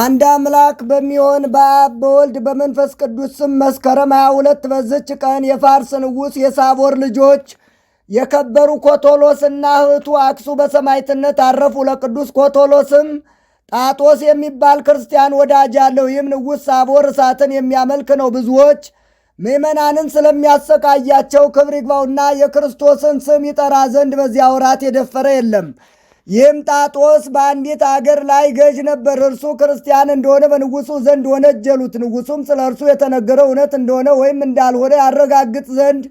አንድ አምላክ በሚሆን በአብ በወልድ በመንፈስ ቅዱስ ስም መስከረም 22 በዝች ቀን የፋርስ ንጉሥ የሳቦር ልጆች የከበሩ ኮቶሎስና እህቱ አክሱ በሰማይትነት አረፉ። ለቅዱስ ኮቶሎስም ጣጦስ የሚባል ክርስቲያን ወዳጅ አለው። ይህም ንጉሥ ሳቦር እሳትን የሚያመልክ ነው። ብዙዎች ምዕመናንን ስለሚያሰቃያቸው ክብር ይግባውና የክርስቶስን ስም ይጠራ ዘንድ በዚያ ወራት የደፈረ የለም። ይህም ጣጦስ በአንዲት አገር ላይ ገዥ ነበር። እርሱ ክርስቲያን እንደሆነ በንጉሱ ዘንድ ወነጀሉት። ንጉሱም ስለ እርሱ የተነገረው እውነት እንደሆነ ወይም እንዳልሆነ ያረጋግጥ ዘንድ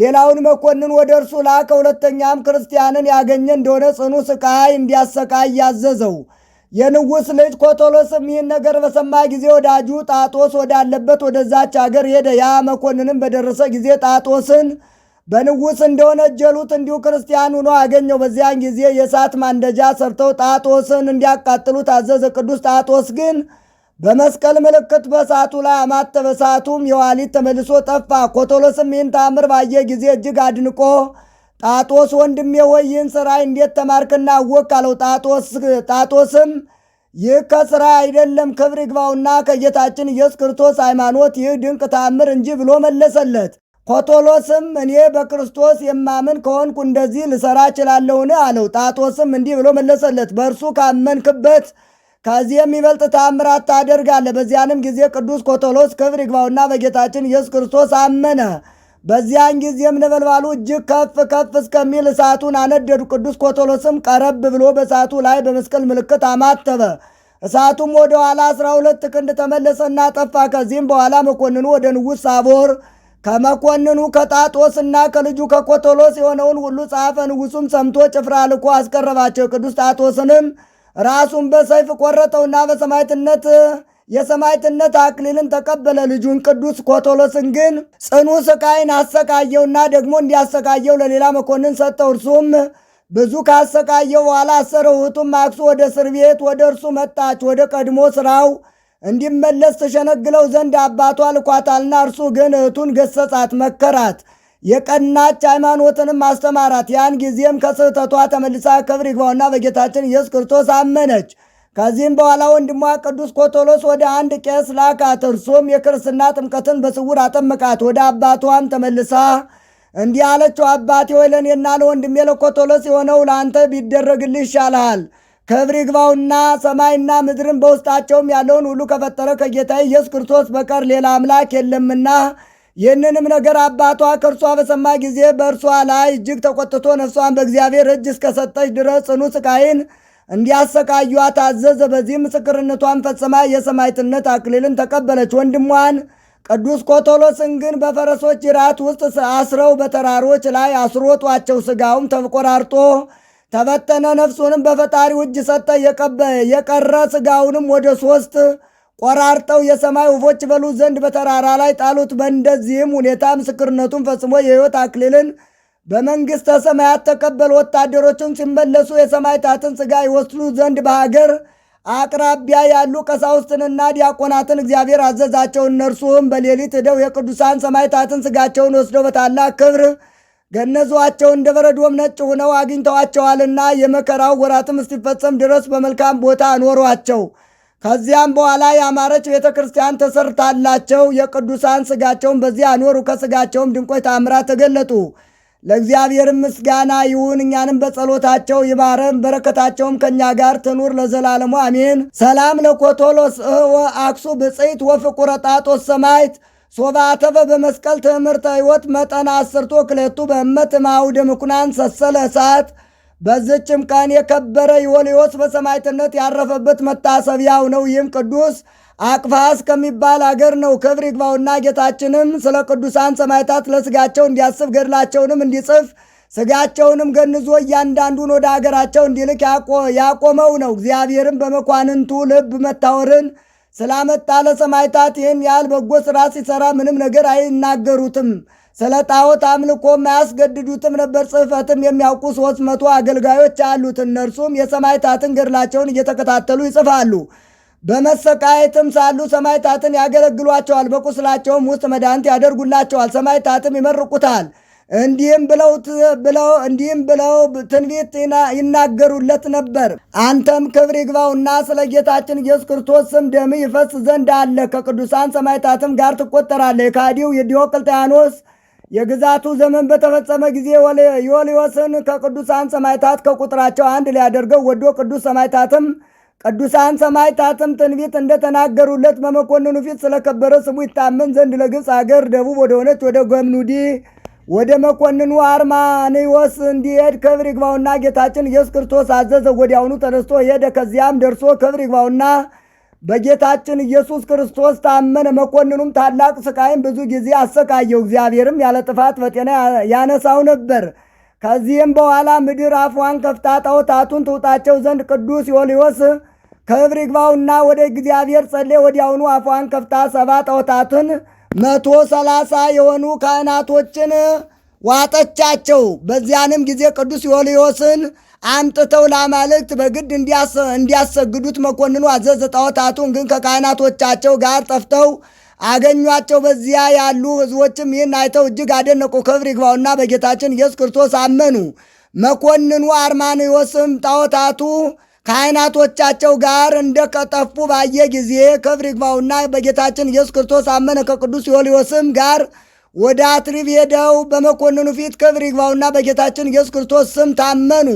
ሌላውን መኮንን ወደ እርሱ ላከ። ሁለተኛም ክርስቲያንን ያገኘ እንደሆነ ጽኑ ስቃይ እንዲያሰቃይ ያዘዘው። የንጉሥ ልጅ ኮቶሎስም ይህን ነገር በሰማ ጊዜ ወዳጁ ጣጦስ ወዳለበት ወደዛች አገር ሄደ። ያ መኮንንም በደረሰ ጊዜ ጣጦስን በንጉሥ እንደሆነ እጀሉት እንዲሁ ክርስቲያን ሆኖ አገኘው። በዚያን ጊዜ የእሳት ማንደጃ ሰርተው ጣጦስን እንዲያቃጥሉት አዘዘ። ቅዱስ ጣጦስ ግን በመስቀል ምልክት በእሳቱ ላይ አማተ እሳቱም የዋሊት ተመልሶ ጠፋ። ኮቶሎስም ይህን ታምር ባየ ጊዜ እጅግ አድንቆ ጣጦስ ወንድሜ ሆይ ይህን ስራ እንዴት ተማርክና አወቅ አለው። ጣጦስም ይህ ከስራ አይደለም ክብር ይግባውና ከጌታችን ኢየሱስ ክርስቶስ ሃይማኖት ይህ ድንቅ ታምር እንጂ ብሎ መለሰለት። ኮቶሎስም እኔ በክርስቶስ የማምን ከሆንኩ እንደዚህ ልሰራ እችላለሁን? አለው። ጣጦስም እንዲህ ብሎ መለሰለት፣ በእርሱ ካመንክበት ከዚህ የሚበልጥ ታምራት ታደርጋለህ። በዚያንም ጊዜ ቅዱስ ኮቶሎስ ክብር ይግባውና በጌታችን ኢየሱስ ክርስቶስ አመነ። በዚያን ጊዜም ነበልባሉ እጅግ ከፍ ከፍ እስከሚል እሳቱን አነደዱ። ቅዱስ ኮቶሎስም ቀረብ ብሎ በእሳቱ ላይ በመስቀል ምልክት አማተበ። እሳቱም ወደ ኋላ አስራ ሁለት ክንድ ተመለሰና ጠፋ። ከዚህም በኋላ መኮንኑ ወደ ንጉሥ ሳቦር ከመኮንኑ ከጣጦስና ከልጁ ከኮቶሎስ የሆነውን ሁሉ ጻፈ። ንጉሱም ሰምቶ ጭፍራ ልኮ አስቀረባቸው። ቅዱስ ጣጦስንም ራሱን በሰይፍ ቆረጠውና በሰማዕትነት የሰማዕትነት አክሊልን ተቀበለ። ልጁን ቅዱስ ኮቶሎስን ግን ጽኑ ስቃይን አሰቃየውና ደግሞ እንዲያሰቃየው ለሌላ መኮንን ሰጠው። እርሱም ብዙ ካሰቃየው በኋላ አሰረው። እህቱም አክሱ ወደ እስር ቤት ወደ እርሱ መጣች። ወደ ቀድሞ ስራው እንዲመለስ ተሸነግለው ዘንድ አባቷ ልኳታልና እርሱ ግን እህቱን ገሰጻት፣ መከራት፣ የቀናች ሃይማኖትንም ማስተማራት። ያን ጊዜም ከስህተቷ ተመልሳ ክብር ይግባውና በጌታችን ኢየሱስ ክርስቶስ አመነች። ከዚህም በኋላ ወንድሟ ቅዱስ ኮቶሎስ ወደ አንድ ቄስ ላካት። እርሱም የክርስትና ጥምቀትን በስውር አጠምቃት ወደ አባቷም ተመልሳ እንዲህ አለችው፣ አባቴ ወይ ለእኔና ለወንድሜ ለኮቶሎስ የሆነው ለአንተ ቢደረግልህ ይሻልሃል። ክብር ይግባውና ሰማይና ምድርን በውስጣቸውም ያለውን ሁሉ ከፈጠረ ከጌታ ኢየሱስ ክርስቶስ በቀር ሌላ አምላክ የለምና። ይህንንም ነገር አባቷ ከእርሷ በሰማ ጊዜ በእርሷ ላይ እጅግ ተቆጥቶ ነፍሷን በእግዚአብሔር እጅ እስከሰጠች ድረስ ጽኑ ስቃይን እንዲያሰቃዩዋ ታዘዘ። በዚህ ምስክርነቷን ፈጽማ የሰማዕትነት አክሊልን ተቀበለች። ወንድሟን ቅዱስ ኮቶሎስን ግን በፈረሶች ጅራት ውስጥ አስረው በተራሮች ላይ አስሮጧቸው፣ ስጋውም ተቆራርጦ ተበተነ። ነፍሱንም በፈጣሪው እጅ ሰጠ። የቀረ ስጋውንም ወደ ሶስት ቆራርጠው የሰማይ ወፎች በሉ ዘንድ በተራራ ላይ ጣሉት። በእንደዚህም ሁኔታ ምስክርነቱን ፈጽሞ የሕይወት አክሊልን በመንግሥተ ሰማያት ተቀበል። ወታደሮችን ሲመለሱ የሰማዕታትን ሥጋ ይወስዱ ዘንድ በሀገር አቅራቢያ ያሉ ቀሳውስትንና ዲያቆናትን እግዚአብሔር አዘዛቸው። እነርሱም በሌሊት ሄደው የቅዱሳን ሰማዕታትን ሥጋቸውን ወስደው በታላቅ ክብር ገነዟቸው እንደ በረዶም ነጭ ሆነው አግኝተዋቸዋልና የመከራው ወራትም እስኪፈጸም ድረስ በመልካም ቦታ አኖሯቸው። ከዚያም በኋላ የአማረች ቤተ ክርስቲያን ተሰርታላቸው የቅዱሳን ስጋቸውን በዚያ አኖሩ። ከስጋቸውም ድንቆች ተአምራት ተገለጡ። ለእግዚአብሔር ምስጋና ይሁን፣ እኛንም በጸሎታቸው ይማረን፣ በረከታቸውም ከእኛ ጋር ትኑር ለዘላለሙ አሜን። ሰላም ለኮቶሎስ አክሱ ብፅይት ወፍቁረ ጣጦስ ሰማይት ሶባተበ በመስቀል ትምህርተ ሕይወት መጠን አስርቶ ክለቱ በእመት ማውድ ምኩናን ሰሰለ እሳት። በዝችም ቀን የከበረ ዮልዮስ በሰማዕትነት ያረፈበት መታሰቢያው ነው። ይህም ቅዱስ አቅፋስ ከሚባል አገር ነው። ክብር ይግባውና ጌታችንም ስለ ቅዱሳን ሰማዕታት ለስጋቸው እንዲያስብ ገድላቸውንም እንዲጽፍ ስጋቸውንም ገንዞ እያንዳንዱን ወደ አገራቸው እንዲልክ ያቆመው ነው። እግዚአብሔርም በመኳንንቱ ልብ መታወርን ስላመጣ ሰማይታት ይህን ያህል በጎ ስራ ሲሰራ ምንም ነገር አይናገሩትም። ስለ ጣዖት አምልኮም አያስገድዱትም ነበር። ጽሕፈትም የሚያውቁ ሶስት መቶ አገልጋዮች አሉት። እነርሱም የሰማይታትን ገድላቸውን እየተከታተሉ ይጽፋሉ። በመሰቃየትም ሳሉ ሰማይታትን ያገለግሏቸዋል። በቁስላቸውም ውስጥ መድኃኒት ያደርጉላቸዋል። ሰማይታትም ይመርቁታል። እንዲህም ብለው ብለው እንዲህም ብለው ትንቢት ይናገሩለት ነበር። አንተም ክብር ይግባውና ስለ ጌታችን ኢየሱስ ክርስቶስ ስም ደም ይፈስ ዘንድ አለ ከቅዱሳን ሰማዕታትም ጋር ትቆጠራለህ። የካዲው የዲዮቅልጥያኖስ የግዛቱ ዘመን በተፈጸመ ጊዜ ዮልዮስን ከቅዱሳን ሰማዕታት ከቁጥራቸው አንድ ሊያደርገው ወዶ ቅዱስ ሰማዕታትም ቅዱሳን ሰማዕታትም ትንቢት እንደተናገሩለት በመኮንኑ ፊት ስለከበረ ስሙ ይታመን ዘንድ ለግብፅ አገር ደቡብ ወደሆነች ወደ ገምኑዲ ወደ መኮንኑ አርማንዮስ እንዲሄድ ክብር ይግባውና ጌታችን ኢየሱስ ክርስቶስ አዘዘ። ወዲያውኑ ተነስቶ ሄደ። ከዚያም ደርሶ ክብር ይግባውና በጌታችን ኢየሱስ ክርስቶስ ታመነ። መኮንኑም ታላቅ ስቃይም ብዙ ጊዜ አሰቃየው። እግዚአብሔርም ያለ ጥፋት በጤና ያነሳው ነበር። ከዚህም በኋላ ምድር አፏን ከፍታ ጣዖታቱን ትውጣቸው ዘንድ ቅዱስ ዮልዮስ ክብር ይግባውና ወደ እግዚአብሔር ጸሌ ወዲያውኑ አፏን ከፍታ ሰባ ጣዖታትን መቶ ሰላሳ የሆኑ ካህናቶችን ዋጠቻቸው። በዚያንም ጊዜ ቅዱስ ዮልዮስን አምጥተው ላማልክት በግድ እንዲያሰግዱት መኮንኑ አዘዘ። ጣዖታቱን ግን ከካህናቶቻቸው ጋር ጠፍተው አገኟቸው። በዚያ ያሉ ሕዝቦችም ይህን አይተው እጅግ አደነቁ። ክብር ይግባውና በጌታችን ኢየሱስ ክርስቶስ አመኑ። መኮንኑ አርማንዮስም ጣዖታቱ ከአይናቶቻቸው ጋር እንደቀጠፉ ባየ ጊዜ ክብር ይግባውና በጌታችን ኢየሱስ ክርስቶስ አመነ። ከቅዱስ ዮልዮስም ጋር ወደ አትሪብ ሄደው በመኮንኑ ፊት ክብር ይግባውና በጌታችን ኢየሱስ ክርስቶስ ስም ታመኑ።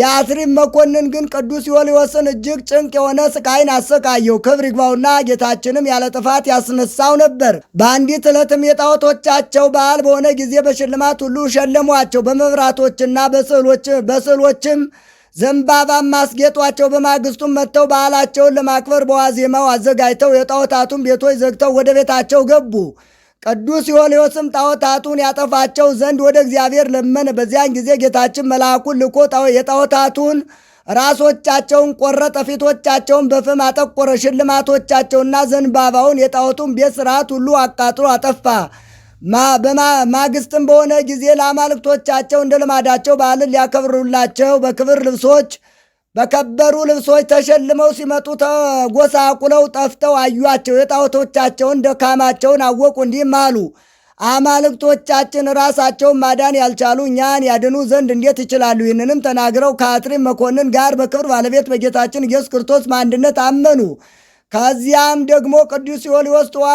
የአትሪብ መኮንን ግን ቅዱስ ዮልዮስን እጅግ ጭንቅ የሆነ ስቃይን አሰቃየው። ክብር ይግባውና ጌታችንም ያለ ጥፋት ያስነሳው ነበር። በአንዲት ዕለትም የጣዖቶቻቸው በዓል በሆነ ጊዜ በሽልማት ሁሉ ሸለሟቸው። በመብራቶችና በስዕሎችም ዘንባባም ማስጌጧቸው። በማግስቱም መጥተው በዓላቸውን ለማክበር በዋዜማው አዘጋጅተው የጣዖታቱን ቤቶች ዘግተው ወደ ቤታቸው ገቡ። ቅዱስ ዮልዮስም ጣዖታቱን ያጠፋቸው ዘንድ ወደ እግዚአብሔር ለመነ። በዚያን ጊዜ ጌታችን መልአኩን ልኮ የጣዖታቱን ራሶቻቸውን ቆረጠ፣ ፊቶቻቸውን በፍም አጠቆረ። ሽልማቶቻቸውና ዘንባባውን የጣዖቱን ቤት ስርዓት ሁሉ አቃጥሎ አጠፋ። ማግስትም በሆነ ጊዜ ለአማልክቶቻቸው እንደ ልማዳቸው በዓልን ሊያከብሩላቸው በክብር ልብሶች በከበሩ ልብሶች ተሸልመው ሲመጡ ተጎሳቁለው ጠፍተው አዩአቸው። የጣዖቶቻቸውን ደካማቸውን አወቁ፣ እንዲህም አሉ አማልክቶቻችን ራሳቸውን ማዳን ያልቻሉ እኛን ያድኑ ዘንድ እንዴት ይችላሉ? ይህንንም ተናግረው ከአትሪም መኮንን ጋር በክብር ባለቤት በጌታችን ኢየሱስ ክርስቶስ በአንድነት አመኑ። ከዚያም ደግሞ ቅዱስ ዮልዮስ ጥዋ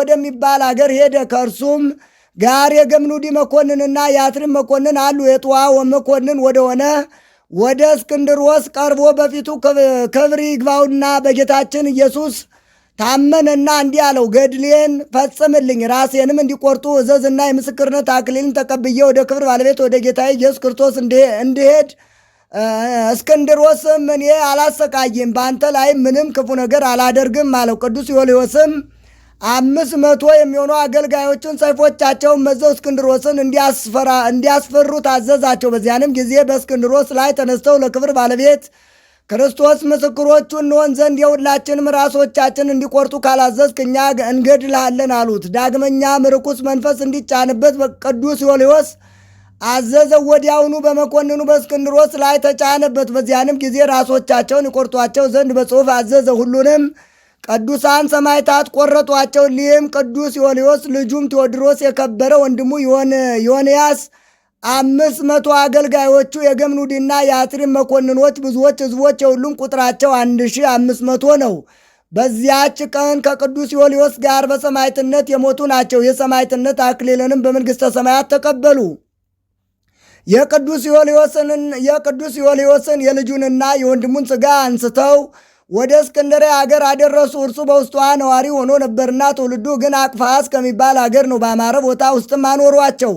ወደሚባል አገር ሄደ። ከእርሱም ጋር የገምኑዲ መኮንንና የአትሪም መኮንን አሉ። የጥዋ መኮንን ወደሆነ ወደ እስክንድሮስ ቀርቦ በፊቱ ክብር ይግባውና በጌታችን ኢየሱስ ታመነና እንዲህ አለው፣ ገድሌን ፈጽምልኝ ራሴንም እንዲቆርጡ እዘዝና የምስክርነት አክሊልን ተቀብዬ ወደ ክብር ባለቤት ወደ ጌታ ኢየሱስ ክርስቶስ እንድሄድ እስክንድሮስም እኔ አላሰቃይም በአንተ ላይ ምንም ክፉ ነገር አላደርግም አለው። ቅዱስ ዮልዮስም አምስት መቶ የሚሆኑ አገልጋዮችን ሰይፎቻቸውን መዘው እስክንድሮስን እንዲያስፈሩ ታዘዛቸው። በዚያንም ጊዜ በእስክንድሮስ ላይ ተነስተው ለክብር ባለቤት ክርስቶስ ምስክሮቹ እንሆን ዘንድ የሁላችንም ራሶቻችን እንዲቆርጡ ካላዘዝክ እኛ እንገድልሃለን አሉት። ዳግመኛ ርኩስ መንፈስ እንዲጫንበት ቅዱስ ዮልዮስ አዘዘው። ወዲያውኑ በመኮንኑ በእስክንድሮስ ላይ ተጫነበት። በዚያንም ጊዜ ራሶቻቸውን ይቆርጧቸው ዘንድ በጽሑፍ አዘዘ። ሁሉንም ቅዱሳን ሰማይታት ቆረጧቸው። ሊህም ቅዱስ ዮልዮስ ልጁም ቴዎድሮስ የከበረ ወንድሙ ዮንያስ አምስት መቶ አገልጋዮቹ የገምኑዲና የአትሪም መኮንኖች ብዙዎች ሕዝቦች የሁሉም ቁጥራቸው አንድ ሺህ አምስት መቶ ነው። በዚያች ቀን ከቅዱስ ዮልዮስ ጋር በሰማይትነት የሞቱ ናቸው። የሰማይትነት አክሊልንም በመንግሥተ ሰማያት ተቀበሉ። የቅዱስ ዮልዮስን የልጁንና የወንድሙን ሥጋ አንስተው ወደ እስክንድሬ አገር አደረሱ። እርሱ በውስጧ ነዋሪ ሆኖ ነበርና ትውልዱ ግን አቅፋስ ከሚባል አገር ነው። በአማረ ቦታ ውስጥም አኖሯቸው።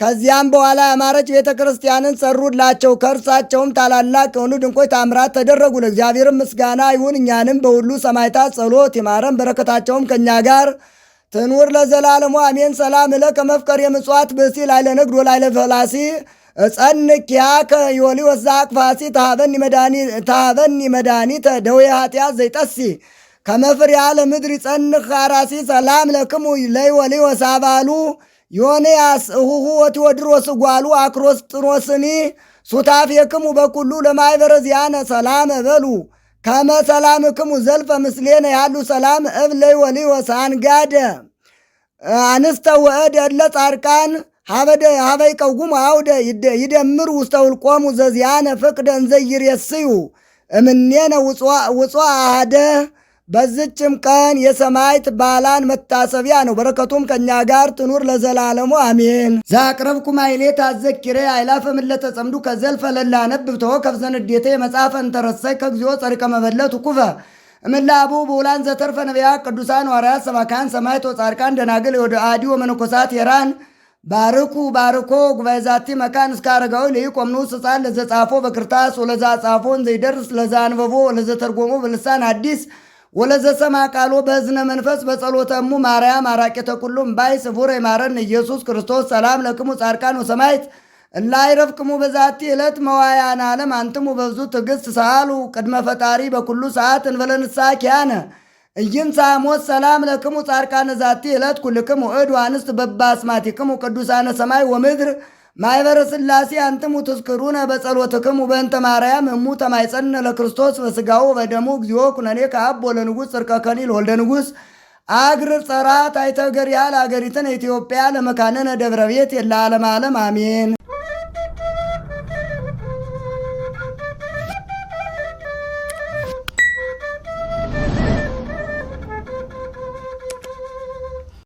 ከዚያም በኋላ ያማረች ቤተ ክርስቲያንን ሰሩላቸው። ከእርሳቸውም ታላላቅ የሆኑ ድንቆች ታምራት ተደረጉ። ለእግዚአብሔርም ምስጋና ይሁን፣ እኛንም በሁሉ ሰማዕታት ጸሎት ይማረን፣ በረከታቸውም ከእኛ ጋር ትኑር ለዘላለሙ አሜን። ሰላም እለ ከመፍቀር የምጽዋት ብእሲ ላይለ ንግድ ወላይለ ፈላሲ ጸንቅ ያከ ዮሊወስ ዘአቅፋሲ ታበኒ መድኃኒተ ደዌ ኃጢአት ዘይጠሲ ከመፍሪያ ለምድር ይጸንኽ አራሲ ሰላም ለክሙ ለዮሊወስ አባሉ ዮንያስ እሁሁ ወቴዎድሮስ ጓሉ አክሮስ ሱታፍ የክሙ በኩሉ ለማይበረ ሰላም በሉ ከመ ሰላም ክሙ ዘልፈ ምስሌነ ያሉ ሰላም እብ ለዮሊወስ አንጋደ አንስተ ወእድ እለ ጻድቃን ሀበደ ሀበይ ቀውጉም አውደ ይደምር ውስተ ውልቆሙ ዘዚያነ ፍቅደ እንዘይር የስዩ እምኔነ ውፅዋ አሃደ። በዝችም ቀን የሰማዕት ባላን መታሰቢያ ነው። በረከቱም ከእኛ ጋር ትኑር ለዘላለሙ አሜን። ዛቅረብኩማ ይሌት አዘኪሬ አይላፈ ምለተ ጸምዱ ከዘልፈ ለላ ነብብቶ ከብዘንዴቴ መጽሐፈ እንተረሳይ ከግዚኦ ጸሪቀ መበለት ኩፈ እምላቡ በውላን ዘተርፈ ነቢያ ቅዱሳን ዋርያት ሰባካን ሰማዕት ወጻድቃን ደናግል ወደ አዲ ወመነኮሳት የራን ባርኩ ባርኮ ጉባኤዛቲ መካን እስከ አረጋዊ ለይቆምኑ ስፃን ለዘጻፎ በክርታስ ወለዛ ጻፎን ዘይደርስ ለዛ አንበቦ ወለዘ ተርጎሞ በልሳን አዲስ ወለዘ ሰማ ቃሎ በዝነ መንፈስ እሙ ማርያም አራቄተ ኩሉም ባይ ስቡር የማረን ኢየሱስ ክርስቶስ ሰላም ለክሙ ጻድቃን ወሰማይት እላይረፍቅሙ በዛቲ ዕለት መዋያን ዓለም አንትሙ በብዙ ትዕግሥት ሰአሉ ቅድመ ፈጣሪ በኩሉ ሰዓት እንበለንሳ ኪያነ ኢይምጻእሞት ሰላም ለክሙ ጻድቃነ ዛቲ ዕለት ኩልክሙ እድ አንስት በባስማቲክሙ ቅዱሳነ ሰማይ ወምድር ማኅበረ ሥላሴ አንትሙ ትዝክሩነ በጸሎትክሙ በእንተ ማርያም እሙ ተማይጸነ ለክርስቶስ በሥጋው በደሙ እግዚኦ ኩነኔ ከአብ ወለንጉሥ ጽርቀ ከሊል ወልደ ንጉሥ አግር ጸራት ታይተገር ያህል አገሪትን ኢትዮጵያ ለመካነነ ደብረ ቤት የለ ዓለም ዓለም አሜን።